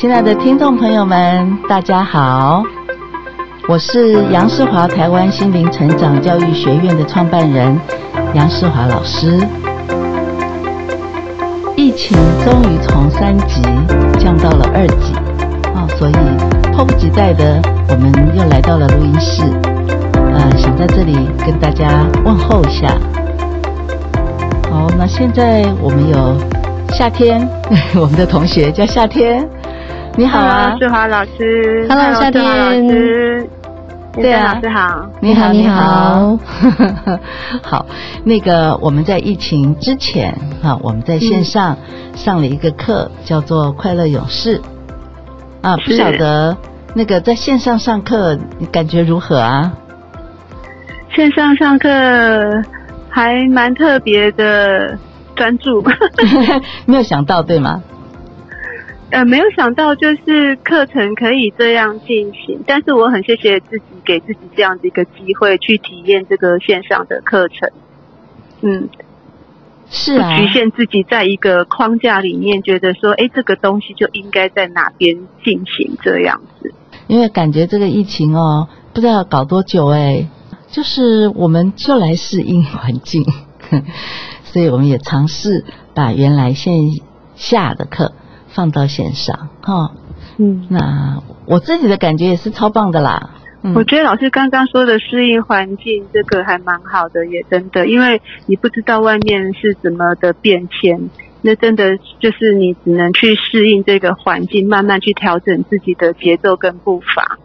親愛的聽眾朋友們，大家好，我是楊世華，台灣心靈成長教育學院的創辦人楊世華老師。疫情終於從三級降到了二級，啊、哦，所以迫不及待的，我們又來到了錄音室，呃，想在這裡跟大家問候一下。好，那現在我們有夏天，呵呵，我們的同學叫夏天。你好啊，Hello，世華老師，Hello, Hello 夏天，對啊，老師好，你好你好，你好， 好，那個我們在疫情之前啊，我們在線上上了一個課，嗯、叫做快樂勇士啊，是不曉得那個在線上上課你感覺如何啊？線上上課還蠻特別的專注， 沒有想到對嗎？呃，沒有想到，就是課程可以這樣進行。但是我很謝謝自己，給自己這樣的一個機會去體驗這個線上的課程。嗯，是啊，局限自己在一個框架裡面，覺得說，哎，這個東西就應該在哪邊進行這樣子。因為感覺這個疫情哦，不知道要搞多久哎，就是我們就來適應環境， 所以我們也嘗試把原來線下的課。放到線上，哦、嗯，那我自己的感覺也是超棒的啦。我覺得老師剛剛說的適應環境，這個還蠻好的，也真的，因為你不知道外面是怎麼的變遷，那真的就是你只能去適應這個環境，慢慢去調整自己的節奏跟步伐。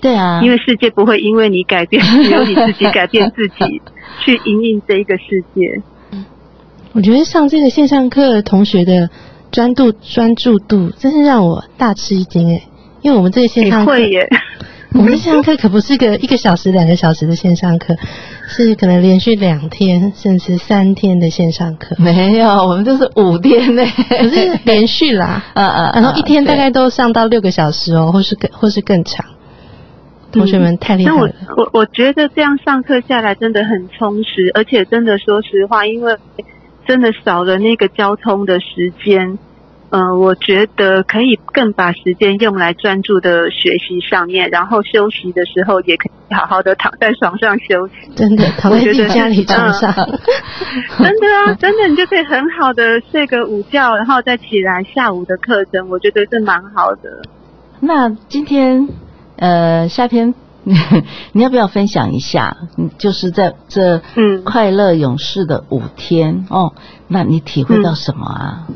對啊，因為世界不會因為你改變，只有你自己改變自己，去因應這一個世界。 我覺得上這個線上課同學的。專注專注度真是讓我大吃一驚哎！因為我們這個線上課，也會耶，我們這線上課可不是一個一個小時、兩個小時的線上課， 是可能連續兩天甚至三天的線上課。沒有，我們這是五天呢，可是連續啦，嗯嗯，然後一天大概都上到六個小時哦，或是更或是更長。同學們太厲害了！嗯、我我，我覺得這樣上課下來真的很充實，而且真的說實話，因為。真的少了那個交通的時間，嗯、呃，我覺得可以更把時間用來專注的學習上面，然後休息的時候也可以好好的躺在床上休息。真的，里我覺得嗯，呃、 真的啊，真的，你就可以很好的睡個午覺，然後再起來下午的課程，我覺得是蠻好的。那今天，呃，夏天。你要不要分享一下？就是在這快樂勇士的五天、嗯、哦，那你體會到什麼啊？嗯、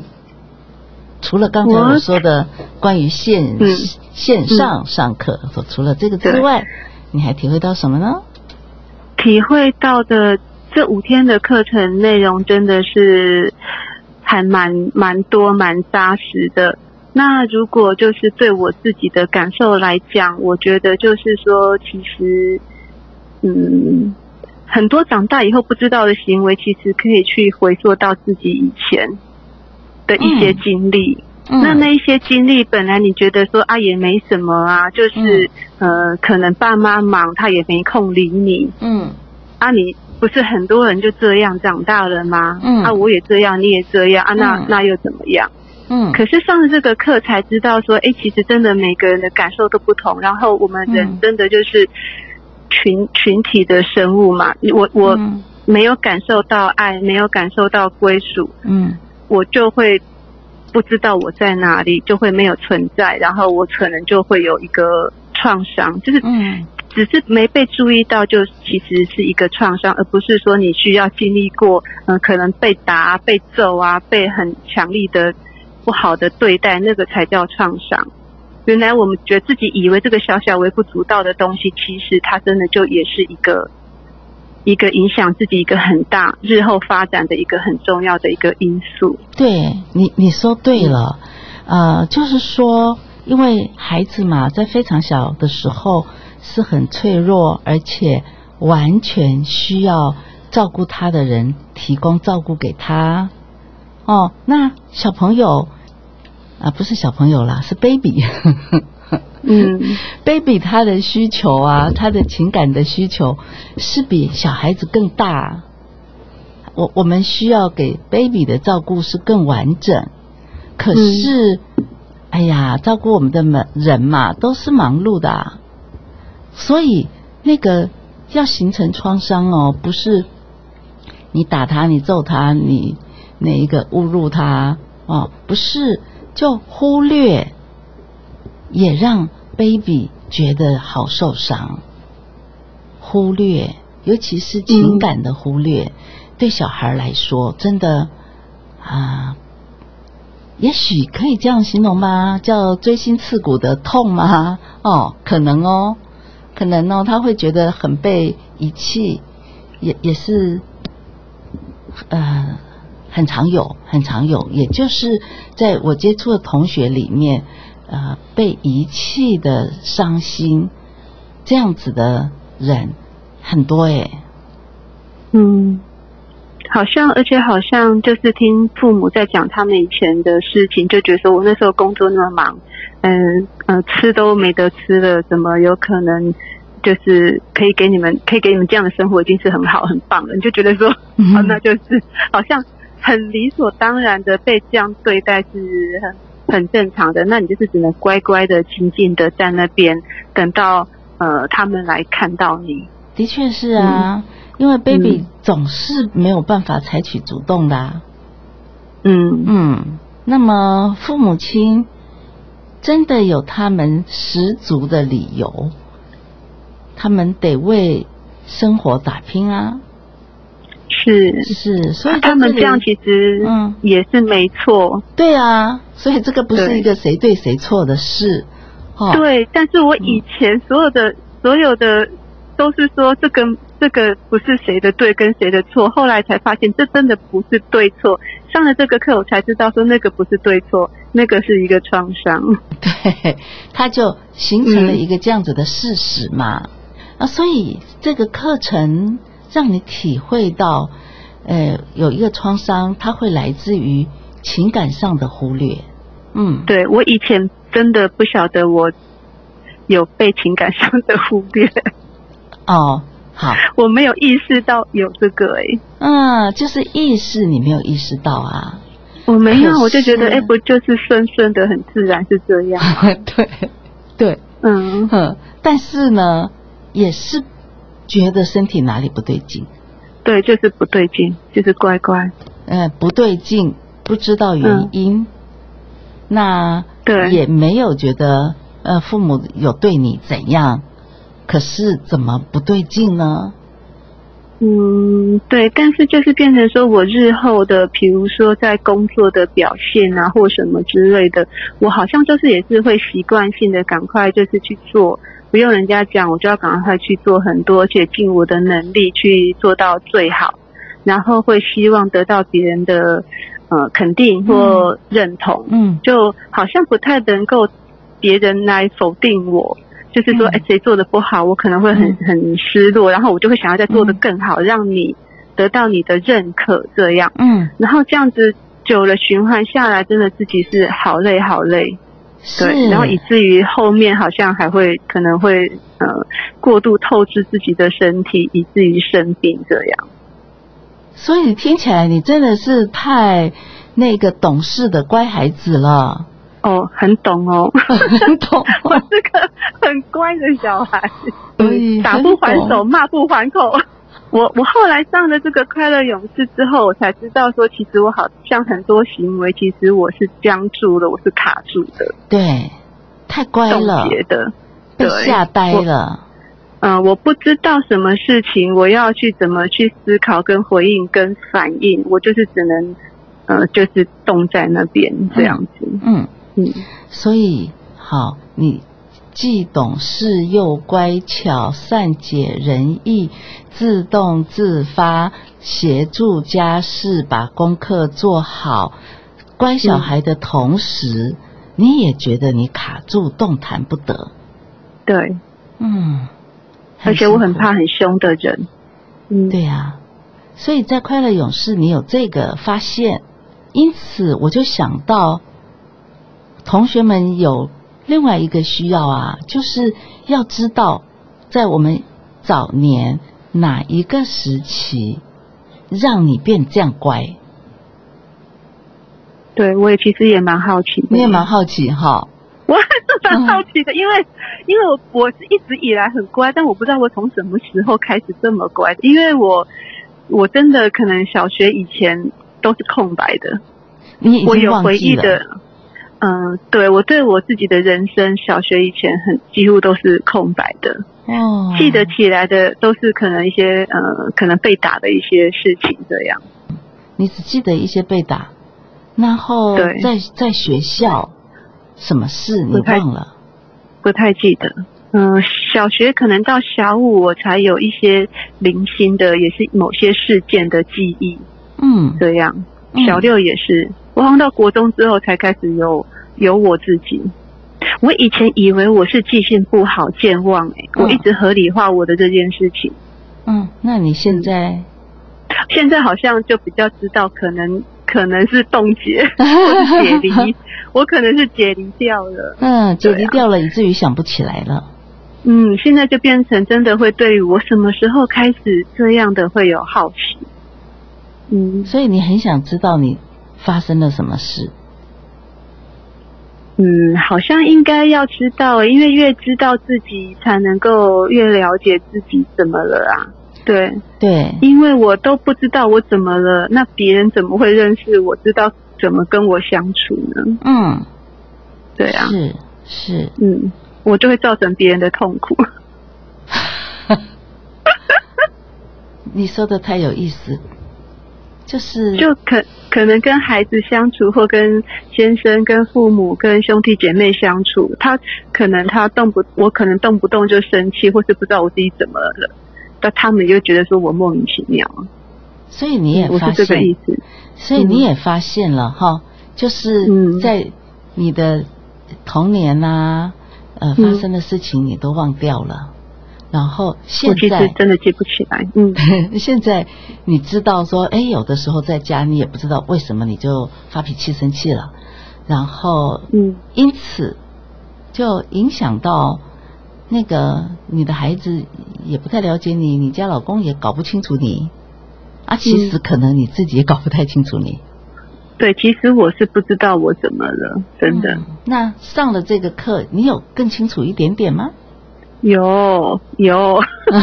除了剛才我說的關於線、嗯、線上上課說，除了這個之外，嗯、你還體會到什麼呢？體會到的這五天的課程內容真的是還蠻蠻多、蠻扎實的。那如果就是對我自己的感受來講，我覺得就是說，其實，嗯，很多長大以後不知道的行為，其實可以去回溯到自己以前的一些經歷。嗯嗯、那那一些經歷，本來你覺得說啊也沒什麼啊，就是、嗯、呃，可能爸媽忙，他也沒空理你。嗯。啊，你不是很多人就這樣長大了嗎？嗯。啊，我也這樣，你也這樣啊，那、嗯、那又怎麼樣？嗯，可是上了這個課才知道說，哎、欸，其實真的每個人的感受都不同。然後我們人真的就是群、嗯、群體的生物嘛。我、嗯、我沒有感受到愛，沒有感受到歸屬，嗯，我就會不知道我在哪裡，就會沒有存在。然後我可能就會有一個創傷，就是嗯，只是沒被注意到，就其實是一個創傷，而不是說你需要經歷過，嗯，可能被打、啊、被揍啊，被很強力的。不好的對待，那個才叫創傷。原來我們覺得自己以為這個小小微不足道的東西，其實它真的就也是一個一個影響自己一個很大日後發展的一個很重要的一個因素。對，你你說對了，嗯、呃，就是說，因為孩子嘛，在非常小的時候是很脆弱，而且完全需要照顧他的人提供照顧給他。哦，那小朋友啊，不是小朋友啦，是 baby。 嗯，baby 他的需求啊，他的情感的需求是比小孩子更大。我我們需要給 baby 的照顧是更完整，可是，嗯、哎呀，照顧我們的人嘛，都是忙碌的、啊，所以那個要形成創傷哦，不是你打他，你揍他，你。那一個侮辱他哦？不是，就忽略，也讓 baby 覺得好受傷。忽略，尤其是情感的忽略，嗯、對小孩來說，真的啊，也許可以這樣形容嗎？叫錐心刺骨的痛嗎？哦，可能哦，可能哦，他會覺得很被遺棄，也也是，呃、啊。很常有，很常有，也就是在我接觸的同學裡面，呃，被遺棄的傷心這樣子的人很多耶。嗯，好像，而且好像就是聽父母在講他們以前的事情，就覺得說我那時候工作那麼忙，嗯呃，呃，吃都沒得吃了，怎麼有可能就是可以給你們可以給你們這樣的生活已經是很好很棒了？你就覺得說，好，那就是 好像。很理所當然的被這樣對待是很正常的，那你就是只能乖乖的、靜靜的在那邊等到呃他們來看到你。的確是啊，嗯、因為 baby、嗯、總是沒有辦法採取主動的、啊。嗯嗯，那麼父母親真的有他們十足的理由，他們得為生活打拼啊。是是，所以他們這樣其實嗯也是沒錯、嗯。對啊，所以這個不是一個誰對誰錯的事。對，哦、對，但是我以前所有的、嗯、所有的都是說這個這個不是誰的對跟誰的錯，後來才發現這真的不是對錯。上了這個課，我才知道說那個不是對錯，那個是一個創傷。對，他就形成了一個這樣子的事實嘛。嗯、啊，所以這個課程，讓你體會到，呃，有一個創傷，它會來自於情感上的忽略。嗯，對，我以前真的不曉得我有被情感上的忽略。哦，好，我沒有意識到有這個哎、欸。嗯，就是意識你沒有意識到啊。我沒有，是我就覺得哎、欸，不就是深深的很自然是這樣。對對，對嗯哼，但是呢，也是。覺得身體哪裡不對勁？對，就是不對勁，就是乖乖。嗯、呃，不對勁，不知道原因。嗯、那對也沒有覺得，對呃，父母有對你怎樣？可是怎麼不對勁呢？嗯，對，但是就是變成說我日後的，比如說在工作的表現啊，或什麼之類的，我好像就是也是會習慣性的趕快就是去做。不用人家講，我就要趕快去做很多，且盡我的能力去做到最好，然後會希望得到別人的、呃、肯定或認同，嗯，就好像不太能夠別人來否定我，就是說哎、嗯、誰做的不好，我可能會很、嗯、很失落，然後我就會想要再做的更好，嗯、讓你得到你的認可這樣，嗯，然後這樣子久了循環下來，真的自己是好累好累。對，然後以至於後面好像還會可能會嗯、呃、過度透支自己的身體，以至於生病這樣。所以聽起來你真的是太那個懂事的乖孩子了。哦，很懂哦，很懂、哦。 我是個很乖的小孩，嗯、打不還手，懂罵不還口。我我後來上了這個快樂勇士之後，我才知道說，其實我好像很多行為，其實我是僵住的，我是卡住的。對，太乖了。凍結的，被嚇呆了。我呃我不知道什麼事情，我要去怎麼去思考、跟回應、跟反應，我就是只能，呃就是凍在那邊這樣子。嗯嗯，嗯嗯所以好，你。既懂事又乖巧，善解人意，自動自發，協助家事，把功課做好，乖小孩的同時，嗯、你也覺得你卡住，動彈不得。對，嗯，而且我很怕很凶的人。嗯、對呀、啊，所以在快樂勇士，你有這個發現，因此我就想到，同學們有。另外一個需要啊，就是要知道，在我們早年哪一個時期，讓你變這樣乖？對，我也其實也蠻好奇的，你也蠻好奇哈、哦？我還是蠻好奇的，因為因為我我是一直以來很乖，但我不知道我從什麼時候開始這麼乖，因為我我真的可能小學以前都是空白的，你已經忘記了，我有回憶的。嗯，對我對我自己的人生，小學以前很幾乎都是空白的，哦、嗯，記得起來的都是可能一些呃，可能被打的一些事情這樣。你只記得一些被打，然後在對在，在學校什麼事你忘了。不太，不太記得。嗯，小學可能到小五我才有一些零星的，也是某些事件的記憶。嗯，這樣小六也是，嗯、我好像到國中之後才開始有。有我自己，我以前以為我是記性不好、健忘，欸嗯、我一直合理化我的這件事情。嗯，那你現在、嗯、現在好像就比較知道可，可能可能是凍結或是解離， 我可能是解離掉了。嗯，解離掉了，啊、以至於想不起來了。嗯，現在就變成真的會對於我什麼時候開始這樣的會有好奇。嗯，所以你很想知道你發生了什麼事。嗯，好像應該要知道，因為越知道自己才能夠越了解自己怎麼了啊。對對，因為我都不知道我怎麼了，那別人怎麼會認識我，知道怎麼跟我相處呢？嗯，對啊，是是，是嗯，我就會造成別人的痛苦。 你說的太有意思，就是就可。可能跟孩子相處，或跟先生、跟父母、跟兄弟姐妹相處，他可能他動不，我可能動不動就生氣，或是不知道我自己怎麼了，但他們又覺得說我莫名其妙。所以你也，發現、嗯、我是這個意思、所以你也發現了哈、嗯哦，就是在你的童年啊，呃，發生的事情你都忘掉了。然後現在我其實真的記不起來，嗯。現在你知道說，哎，有的時候在家你也不知道為什麼你就發脾氣生氣了，然後，嗯，因此就影響到那個你的孩子也不太了解你，你家老公也搞不清楚你，啊，其實可能你自己也搞不太清楚你。嗯。對，其實我是不知道我怎麼了，真的。嗯，那上了這個課，你有更清楚一點點嗎？有有，有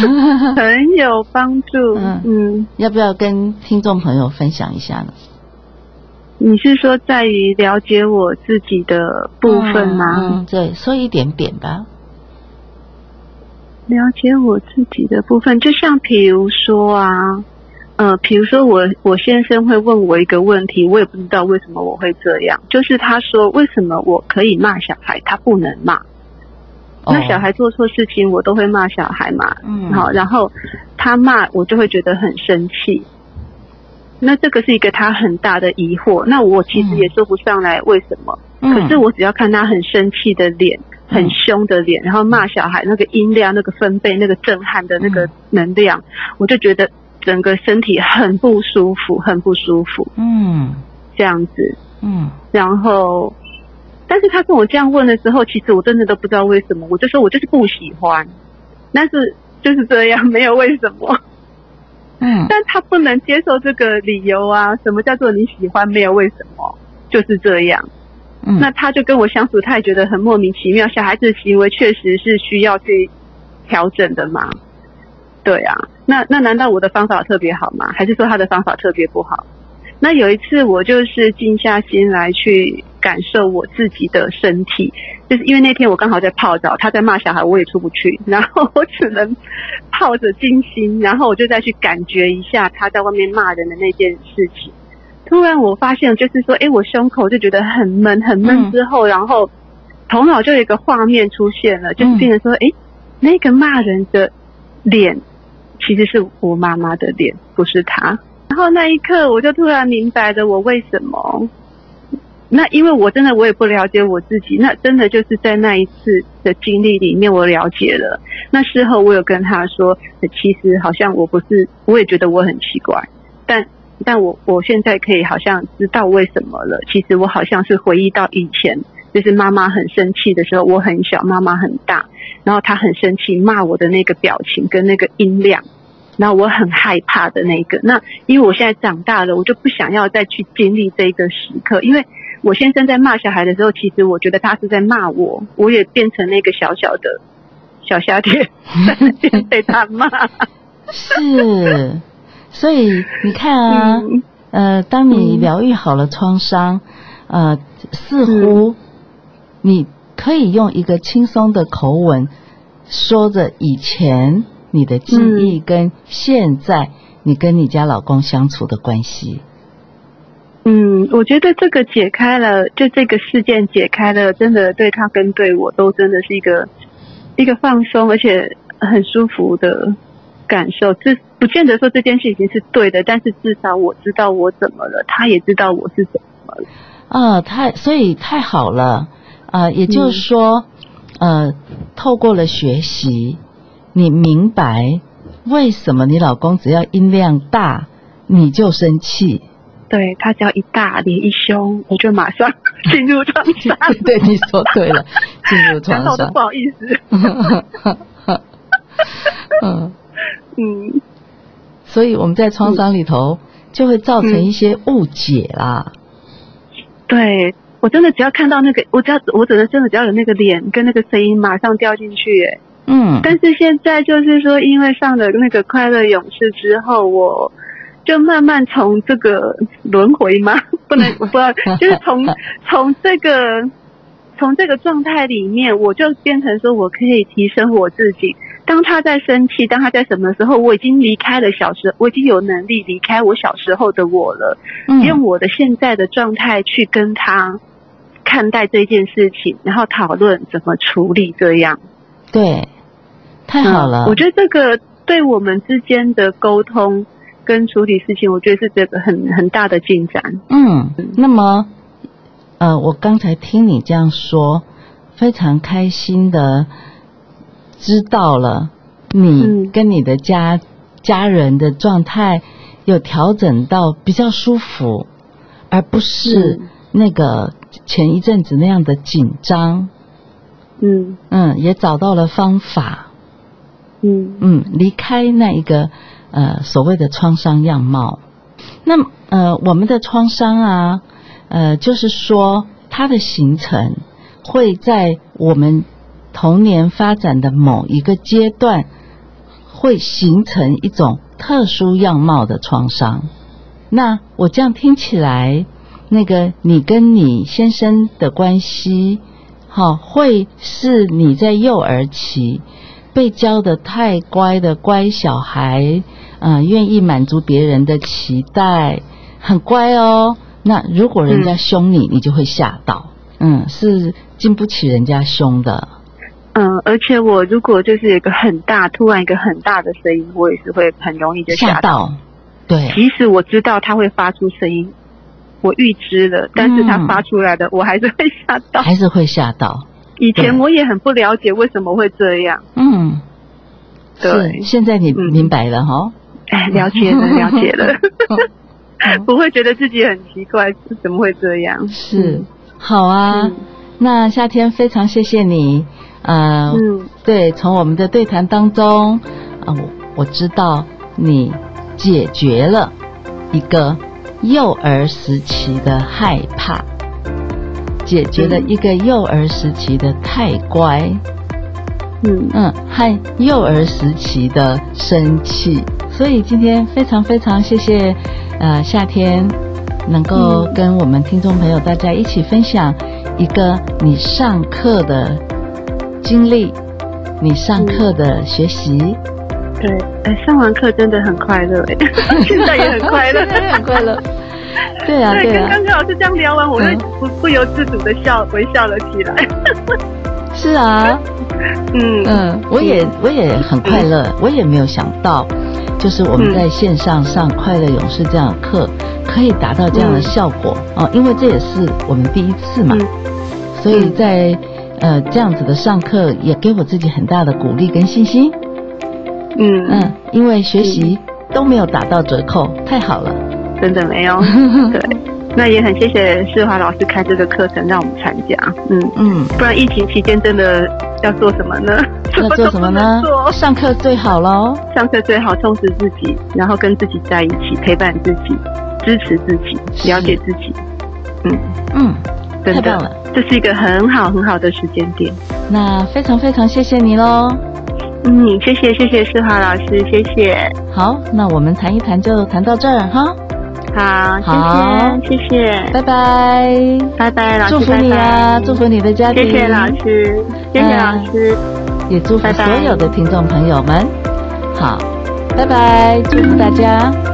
很有幫助。 嗯，嗯，要不要跟聽眾朋友分享一下呢？你是說在於了解我自己的部分嗎？嗯，對，說一點點吧。了解我自己的部分，就像比如說啊，呃，比如說我我先生會問我一個問題，我也不知道為什麼我會這樣，就是他說為什麼我可以罵小孩，他不能罵。那小孩做錯事情，Oh. 我都會罵小孩嘛。嗯，好，然後他罵我，就會覺得很生氣。那這個是一個他很大的疑惑。那我其實也說不上來為什麼。嗯，可是我只要看他很生氣的臉，很凶的臉，嗯，然後罵小孩那個音量、那個分貝、那個震撼的那個能量，嗯，我就覺得整個身體很不舒服，很不舒服。嗯，這樣子。嗯，然後。但是他跟我這樣問的時候，其實我真的都不知道為什麼，我就說我就是不喜歡，但是就是這樣，沒有為什麼。嗯，但他不能接受這個理由啊！什麼叫做你喜歡沒有為什麼？就是這樣。嗯，那他就跟我相處，他也覺得很莫名其妙。小孩子的行為確實是需要去調整的嘛？對啊，那那難道我的方法特別好嗎？還是說他的方法特別不好？那有一次我就是靜下心來去。感受我自己的身體，就是因為那天我剛好在泡澡，他在罵小孩，我也出不去，然後我只能泡着靜心，然後我就再去感覺一下他在外面罵人的那件事情。突然我發現，就是說，哎，我胸口就覺得很悶，很悶之後，嗯、然後頭腦就有一個畫面出現了，就是變成說，哎、嗯，那個罵人的臉，其實是我媽媽的臉，不是他。然後那一刻，我就突然明白了，我為什麼。那因為我真的我也不了解我自己，那真的就是在那一次的經歷裡面，我了解了。那事後我有跟她說，其實好像我不是，我也覺得我很奇怪。但但我我現在可以好像知道為什麼了。其實我好像是回憶到以前，就是媽媽很生氣的時候，我很小，媽媽很大，然後她很生氣，罵我的那個表情跟那個音量。那我很害怕的那個，那因為我現在長大了，我就不想要再去經歷這個時刻。因為我先生在罵小孩的時候，其實我覺得他是在罵我，我也變成那個小小的小夏天，小蝦米，被他罵。是，所以你看啊，嗯、呃，當你療癒好了創傷，嗯、呃，似乎你可以用一個輕鬆的口吻說着以前。你的記憶跟現在你跟你家老公相處的關係，嗯，我覺得這個解開了，就這個事件解開了，真的對他跟對我都真的是一個一個放鬆，而且很舒服的感受。這不見得說這件事情是對的，但是至少我知道我怎麼了，他也知道我是怎麼了。啊、呃，太所以太好了啊、呃，也就是說，嗯、呃，透過了學習。你明白為什麼你老公只要音量大你就生氣？對，他只要一大臉一兇，我就馬上進入創傷。 對，你說對了， 進入創傷。不好意思。嗯嗯，所以我們在創傷裡頭、嗯、就會造成一些誤解啦。對，我真的只要看到那個，我只要我只能真的只要有那個臉跟那個聲音，馬上掉進去。哎。嗯，但是現在就是說，因為上了那個快樂勇士之後，我就慢慢從這個輪迴嗎？不能不要， 就是從從這個從這個狀態裡面，我就變成說我可以提升我自己。當他在生氣，當他在什麼時候，我已經離開了小時，我已經有能力離開我小時候的我了，嗯、用我的現在的狀態去跟他看待這件事情，然後討論怎麼處理這樣。對。太好了、嗯！我覺得這個對我們之間的溝通跟處理事情，我覺得是這個很很大的進展。嗯，那麼，呃，我剛才聽你這樣說，非常開心的知道了你跟你的家、嗯、家人的狀態有調整到比較舒服，而不是那個前一陣子那樣的緊張。嗯嗯，也找到了方法。嗯嗯，離開那一個，呃，所謂的創傷樣貌。那呃，我們的創傷啊，呃，就是說它的形成會在我們童年發展的某一個階段，會形成一種特殊樣貌的創傷。那我這樣聽起來，那個你跟你先生的關係，好、哦，會是你在幼兒期。被教的太乖的乖小孩，嗯、呃，願意滿足別人的期待，很乖哦。那如果人家凶你，嗯、你就會嚇到，嗯，是經不起人家凶的。嗯，而且我如果就是有個很大，突然一個很大的聲音，我也是會很容易就嚇到，嚇到。對，即使我知道他會發出聲音，我預知了，但是他發出來的，嗯、我還是會嚇到，還是會嚇到。以前我也很不了解為什麼會這樣。嗯對，對，現在你明白了哈？哎、嗯，哦、了解了，了解了，不、 哦、會覺得自己很奇怪，怎麼會這樣？是，嗯、好啊，嗯、那夏天非常謝謝你，啊、呃、嗯，對，從我們的對談當中，啊、呃，我我知道你解決了一個幼兒時期的害怕。解決了一個幼兒時期的太乖，嗯嗯，和幼兒時期的生氣。嗯、所以今天非常非常謝謝，呃，夏天能夠跟我們聽眾朋友大家一起分享一個你上課的經歷，嗯、你上課的學習。對，哎，上完課真的很快樂， 現在也很快樂， 很快樂。 對啊，對，對啊！跟剛剛老師這樣聊完，我又不、嗯、不由自主的笑，微笑了起來。 是啊，嗯嗯，嗯我也我也很快樂，嗯、我也沒有想到，就是我們在線上上快樂勇士這樣的課，可以達到這樣的效果啊、嗯嗯！因為這也是我們第一次嘛，嗯、所以在呃這樣子的上課也給我自己很大的鼓勵跟信心。嗯嗯，因為學習都沒有打到折扣，太好了。真的沒有，對。那也很謝謝世華老師開這個課程讓我們參加。嗯嗯，不然疫情期間真的要做什麼呢？要做什麼呢？麼上課最好嘍，哦，上課最好充實自己，然後跟自己在一起，陪伴自己，支持自己，是了解自己。嗯嗯，真的，這是一個很好很好的時間點。那非常非常謝謝你嘍。嗯，謝謝謝謝世華老師，謝謝。好，那我們談一談，就談到這兒哈。好，好謝謝，謝謝，拜拜，拜拜，老師，祝福你啊，拜拜，祝福你的家庭，謝謝老師，嗯、謝謝老師，也祝福所有的聽眾朋友們，拜拜，好，拜拜，祝福大家。嗯